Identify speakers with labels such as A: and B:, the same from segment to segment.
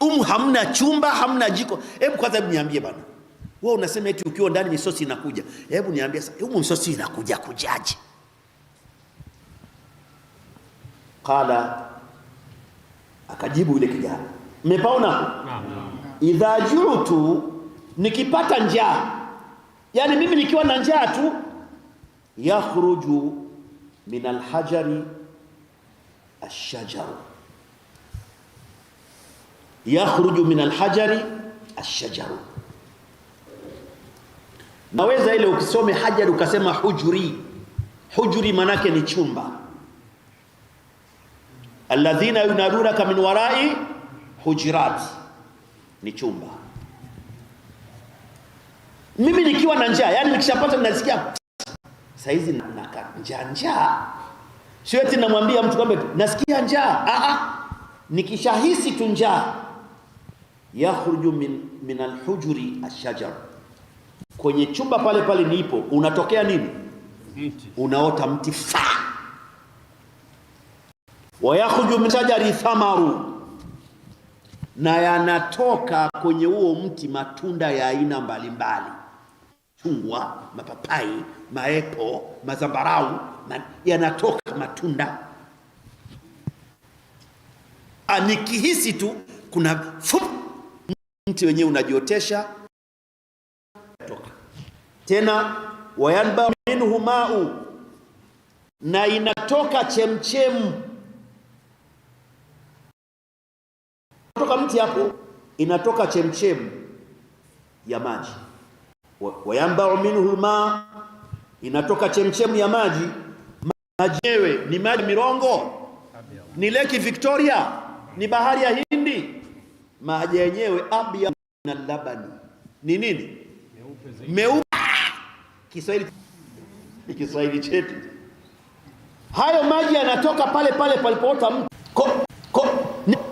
A: umu hamna chumba, hamna jiko. Hebu kwanza, niambie bana, wewe unasema eti ukiwa ndani misosi inakuja. Hebu niambie sasa, umu misosi inakuja kujaje? Kala akajibu yule kijana, mmepaona idha juutu, nikipata njaa, yani mimi nikiwa na njaa tu, yakhruju min alhajari ashajaru yakhruju min alhajari ashajaru. Naweza ile ukisome hajari ukasema hujuri, hujuri manake ni chumba. Alladhina yunadunaka min warai hujurat, ni chumba. Mimi nikiwa na njaa, yani nikishapata ninasikia saizi nakaa njaa njaa, siweti namwambia mtu kwamba nasikia njaa. Aha, nikishahisi tu njaa yakhruju min, min alhujuri ashajar, kwenye chumba pale pale nipo unatokea nini? Mti unaota mti faa. Wayakhruju min shajari thamaru, na yanatoka kwenye huo mti matunda ya aina mbalimbali, chungwa, mapapai, maepo, mazambarau, yanatoka matunda. Anikihisi ah, tu kuna fup mti wenyewe unajiotesha toka tena, wayanba minhu mau, na inatoka chemchemu toka mti hapo, inatoka chemchemu ya maji. Wayanba minhu ma, inatoka chemchemu ya maji. Maji ni maji mirongo, ni Lake Victoria, ni bahari ya Hindi maji yenyewe abya na labani ni nini? Meupe. Kiswahili Kiswahili chetu, hayo maji yanatoka pale pale palipoota mtu.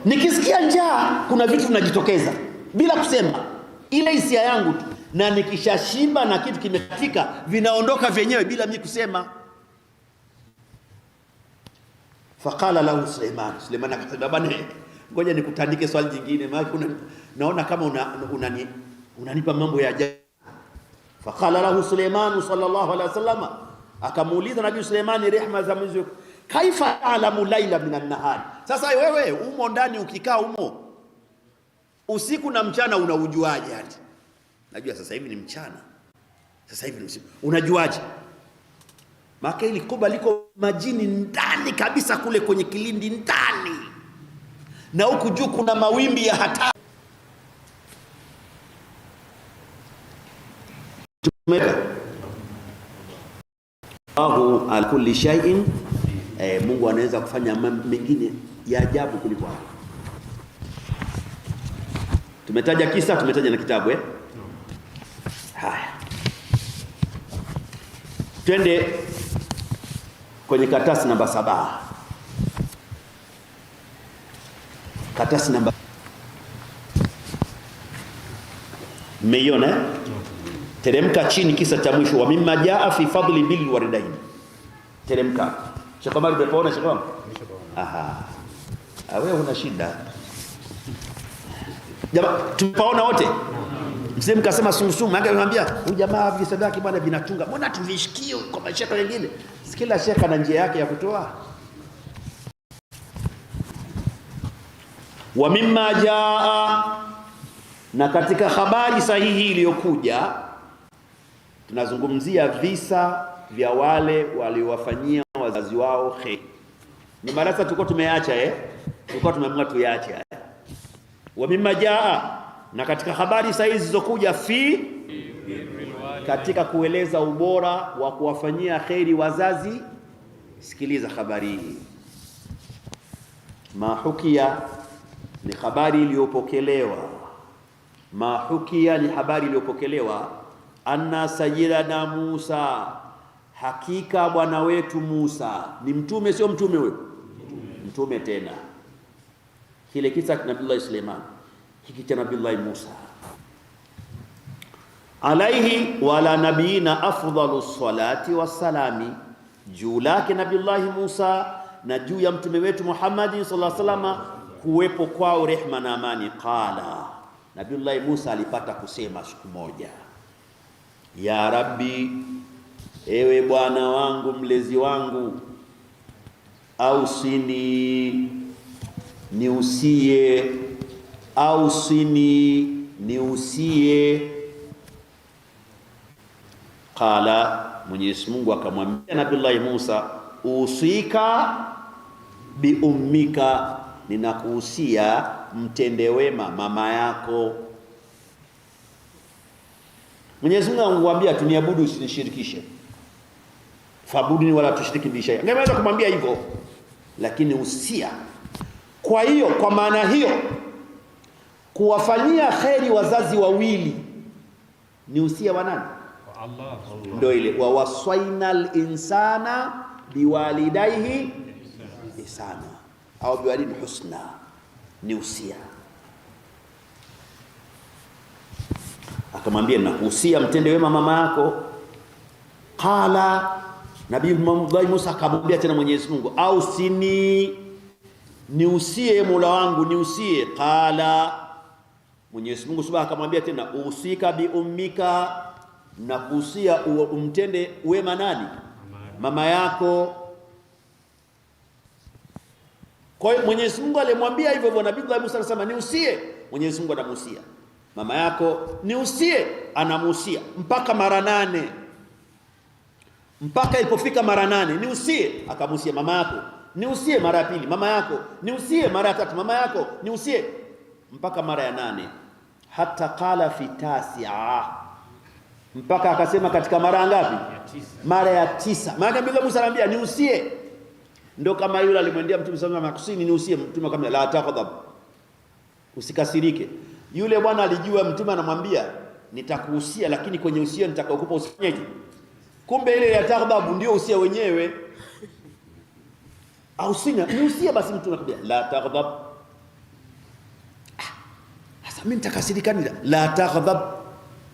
A: Nikisikia njaa, kuna vitu vinajitokeza bila kusema, ile hisia yangu tu, na nikishashiba na kitu kimekatika, vinaondoka vyenyewe bila mimi kusema. Faqala lahu Suleiman, Suleiman akasema bwana Ngoja nikutandike swali jingine, maana una, naona kama unanipa una, una, una mambo ya ajabu. Faqala lahu Suleiman sallallahu alaihi wasallam, akamuuliza Nabii Suleimani, rehma za Mwenyezi Mungu, kaifa alamu laila minan nahari. Sasa wewe umo ndani ukikaa umo usiku na mchana unaujuaje? Hadi najua sasa hivi ni mchana, sasa hivi ni usiku, unajuaje? Maka ile koba liko majini ndani kabisa kule kwenye kilindi ndani na huku juu kuna mawimbi ya hatari. Allahu ala kulli shay'in, eh, Mungu anaweza kufanya mengine ya ajabu kuliko hapo. Tumetaja kisa, tumetaja na kitabu eh? Haya, twende kwenye karatasi namba saba. karatasi namba mmeiona, eh? teremka chini, kisa cha mwisho, wa mimma jaa fi fadli bil waridain. Teremka Sheikh Omar, umepaona Sheikh Omar? Aha, awe ah, una shida jamaa, tumepaona wote. Mzee mkasema sumsumu yake anamwambia huyu jamaa hapo sadaki bwana vinachunga, mbona tuvishikie kwa mashaka mengine? Kila shekha na njia yake ya kutoa wa mimma jaa, na katika habari sahihi iliyokuja tunazungumzia visa vya wale waliowafanyia wazazi wao heri Ni madarasa tulikuwa tumeacha eh? Tulikuwa tumeamua tuache haya. Wa mimma jaa, na katika habari sahihi zilizokuja fi katika kueleza ubora wa kuwafanyia kheri wazazi. Sikiliza habari hii, ma hukia ni habari iliyopokelewa, mahukia ni habari iliyopokelewa, anna sayyidana Musa, hakika bwana wetu Musa. Ni mtume sio mtume wewe Mtume tena. Kile kisa cha Nabii Suleiman, hiki cha Nabii Musa alaihi wala nabiyina afdalu salati wassalami, juu lake Nabiullahi Musa na juu ya mtume wetu Muhammad sallallahu alaihi wasallam kuwepo kwao rehma na amani. Qala Nabiullahi Musa alipata kusema siku moja, ya Rabbi, ewe Bwana wangu mlezi wangu, au sini niusie, au sini niusie. Qala, Mwenyezi Mungu akamwambia Nabiullahi Musa, usika ummika ninakuhusia mtende wema mama yako. Mwenyezi Mungu anakuambia tuniabudu usinishirikishe, fabuduni wala tushiriki bisha. shay'a. kumwambia hivyo, lakini usia. Kwa hiyo kwa maana hiyo kuwafanyia kheri wazazi wawili ni usia wa nani? Ndio ile wa waswainal insana biwalidaihi ihsana au biwadin husna ni usia. Akamwambia, nakuhusia mtende wema mama yako. Qala Nabii Musa akamwambia tena Mwenyezi Mungu, au sini niusie Mola wangu niusie. Qala Mwenyezi Mungu subhanahu akamwambia tena, usika bi ummika, kuhusia umtende wema nani? Mama yako kwa hiyo Mwenyezi Mungu alimwambia hivyo hivyo Nabii Muhammad sallallahu alaihi wasallam, niusie. Mwenyezi Mungu anamuhusia mama yako, niusie, anamuhusia mpaka mara nane, mpaka ilipofika mara nane, niusie. Akamuhusia mama yako, niusie mara ya pili, mama yako, niusie mara ya tatu, mama yako, niusie mpaka mara ya nane, hata qala fi tasia, mpaka akasema katika mara ngapi? Mara ya tisa. Maana Nabii Muhammad sallallahu alaihi niusie ndio kama yule alimwendea Mtume sallallahu alayhi wasallam, niusie Mtume kama la taghadhab. usikasirike. Yule bwana alijua Mtume anamwambia nitakuhusia, lakini kwenye usia nitakukupa usifanyeje? Kumbe ile ya taghadhab ndio usia wenyewe au sina niusia basi, Mtume anakwambia la taghdab. Ah, sasa mimi nitakasirika nini? La taghadhab.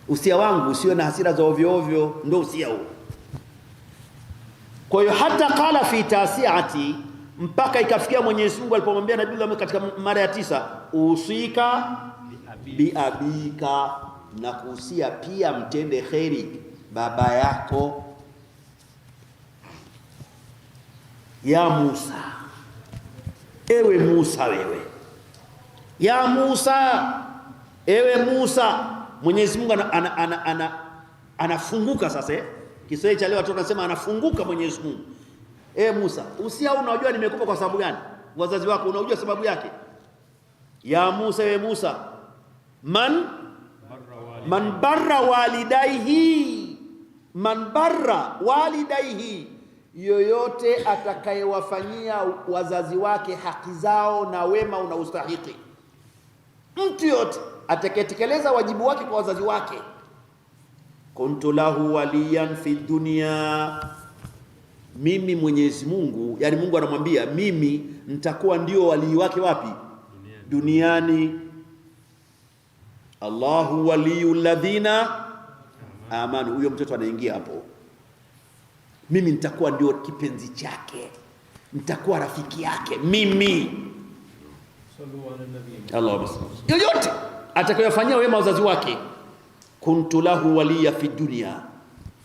A: usia wangu usiwe na hasira za ovyo ovyo, ndio usia huo. Kwa hiyo hata qala fi tasiati, mpaka ikafikia Mwenyezi Mungu alipomwambia Nabii katika mara ya tisa, usika biabika, na kuhusia pia mtende kheri baba yako. Ya Musa, ewe Musa, wewe ya Musa, ewe Musa. Mwenyezi Mungu anafunguka sasa eh? Kiswahili cha leo watoto wanasema anafunguka Mwenyezi Mungu. E Musa, usia unajua nimekupa kwa sababu gani? Wazazi wako unajua sababu yake? Ya Musa, e Musa, man man barra walidaihi, man barra walidaihi, yoyote atakayewafanyia wazazi wake haki zao na wema unaostahiki. Mtu yote atakayetekeleza wajibu wake kwa wazazi wake kuntu lahu waliyan fi dunya, mimi Mwenyezi Mungu, yani Mungu anamwambia mimi nitakuwa ndio walii wake wapi? Duniani, duniani. Allahu waliyu ladhina amanu, huyo mtoto anaingia hapo. Mimi nitakuwa ndio kipenzi chake, nitakuwa rafiki yake mimi. yoyote atakayofanyia wema wazazi wake kuntu lahu waliya fi dunya,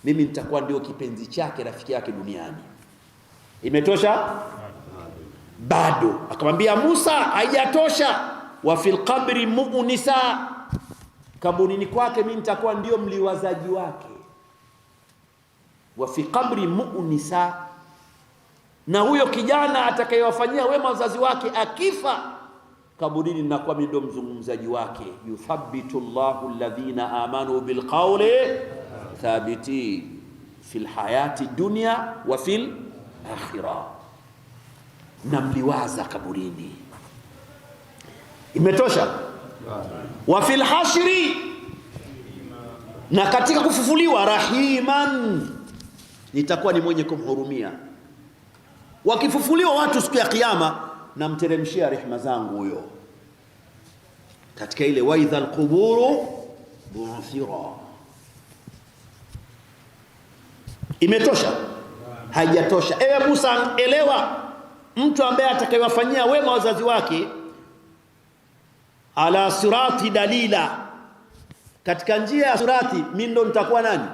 A: mimi nitakuwa ndio kipenzi chake rafiki yake duniani. Imetosha bado? Akamwambia Musa, haijatosha. Wa fil qabri muunisa, kaburini kwake mimi nitakuwa ndio mliwazaji wake. Wa fi qabri muunisa, na huyo kijana atakayewafanyia wema wazazi wake akifa kaburini na kwa mido mzungumzaji wake, yuthabitu llahu alladhina amanu bilqauli thabiti fil hayati dunya wa fil akhirah, Namliwaza kaburini. Imetosha. wa fil hashri, na katika kufufuliwa, rahiman, nitakuwa ni mwenye kumhurumia. Wakifufuliwa watu siku ya Kiyama namteremshia rehema zangu huyo katika ile waidha alquburu bu'thira. Imetosha? Haijatosha? Ewe Musa, elewa mtu ambaye atakayewafanyia wema wazazi wake ala sirati dalila, katika njia ya sirati, mimi ndo nitakuwa nani?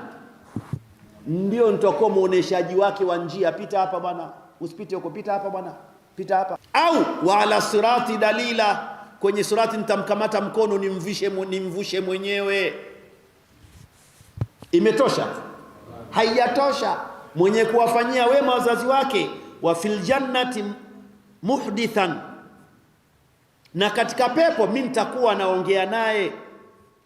A: Ndio nitakuwa muoneshaji wake wa njia. Pita hapa bwana, usipite huko, pita hapa bwana pita hapa au wa ala sirati dalila, kwenye sirati nitamkamata mkono nimvushe, nimvushe mwenyewe. Imetosha? Haijatosha. Mwenye kuwafanyia wema wazazi wake, wa fil jannati muhdithan, na katika pepo mi nitakuwa naongea naye.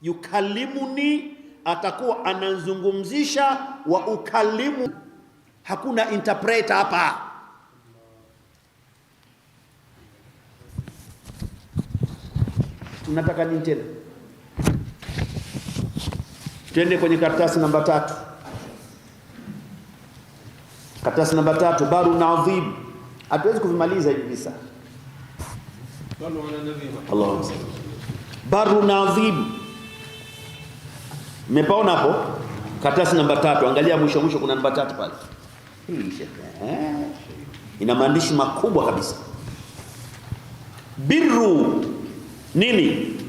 A: Yukalimuni, atakuwa ananzungumzisha. Wa ukalimu, hakuna interpreter hapa mnataka nini tena? Twende kwenye karatasi namba tatu, karatasi namba tatu, na adhim. Hatuwezi kuvimaliza hivi sasa. akbar, baru na adhim, mmepaona hapo karatasi namba tatu. Angalia mwisho mwisho, kuna namba tatu pale, ina maandishi makubwa kabisa, birru nini